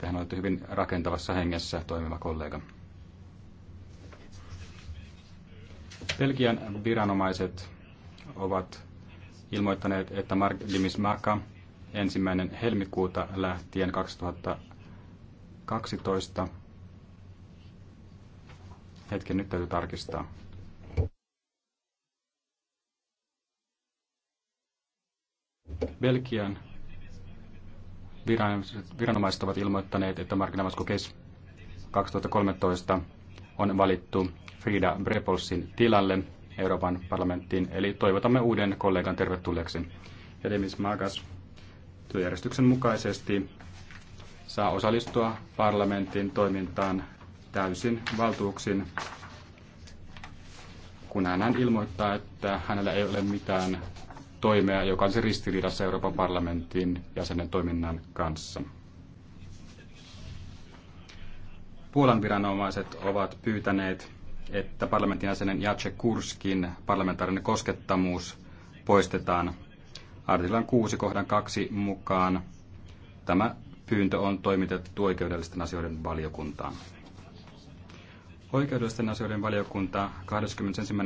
Tehän olette hyvin rakentavassa hengessä toimiva kollega. Belgian viranomaiset ovat ilmoittaneet, että Mark Limismaka ensimmäinen helmikuuta lähtien 2012. Hetken, nyt täytyy tarkistaa. Belgian viranomaiset ovat ilmoittaneet, että markkinamaskukes 2013 on valittu Frida Brepolsin tilalle Euroopan parlamenttiin, eli toivotamme uuden kollegan tervetulleeksi. Ja Demis Magas työjärjestyksen mukaisesti saa osallistua parlamentin toimintaan täysin valtuuksin, kun hän ilmoittaa, että hänellä ei ole mitään toimea, joka se ristiriidassa Euroopan parlamentin jäsenen toiminnan kanssa. Puolan viranomaiset ovat pyytäneet, että parlamentin jäsenen Jacek Kurskin parlamentaarinen koskettamuus poistetaan artiklan 6 kohdan 2 mukaan. Tämä pyyntö on toimitettu oikeudellisten asioiden valiokuntaan. Oikeudellisten asioiden valiokunta 21.